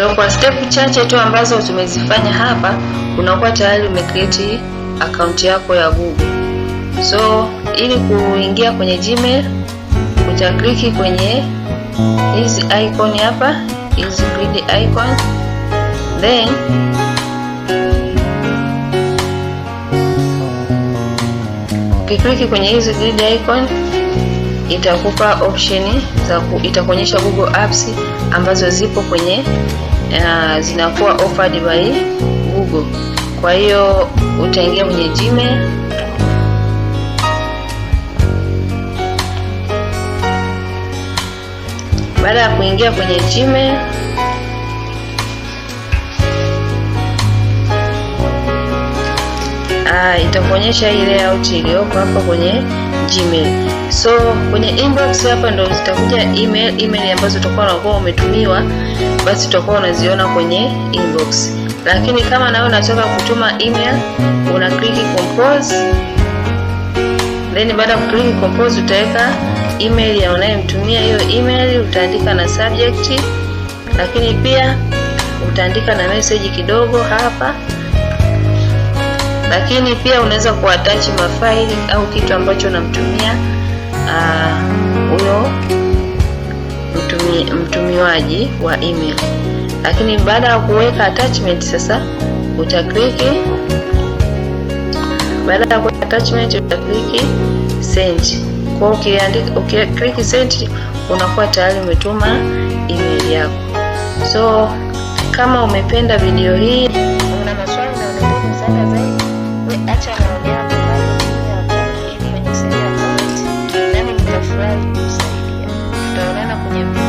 So kwa step chache tu ambazo tumezifanya hapa, unakuwa tayari umecreate akaunti yako ya Google. So ili kuingia kwenye Gmail utakliki kwenye hizi icon hapa, hizi grid icon, then ukikliki kwenye hizi grid icon itakupa option za itakuonyesha Google Apps ambazo zipo kwenye uh, zinakuwa offered by Google. Kwa hiyo utaingia kwenye Gmail baada ya kuingia kwenye Gmail itakuonyesha hii layout iliyoko hapa kwenye Gmail. So kwenye inbox hapa ndo zitakuja email, email ambazo utakuwa unakuwa umetumiwa, basi utakuwa unaziona kwenye inbox. Lakini kama nawe unataka kutuma email, una click compose, then baada ya click compose utaweka email ya unayemtumia hiyo email, utaandika na subject, lakini pia utaandika na message kidogo hapa lakini pia unaweza kuattach mafaili au kitu ambacho unamtumia uh, huyo mtumi, mtumiwaji wa email. Lakini baada ya kuweka attachment sasa utakliki, baada ya kuweka attachment utakliki send. Kwa ukikliki send unakuwa tayari umetuma email yako. So kama umependa video hii una acha maoni yako yaani kwenye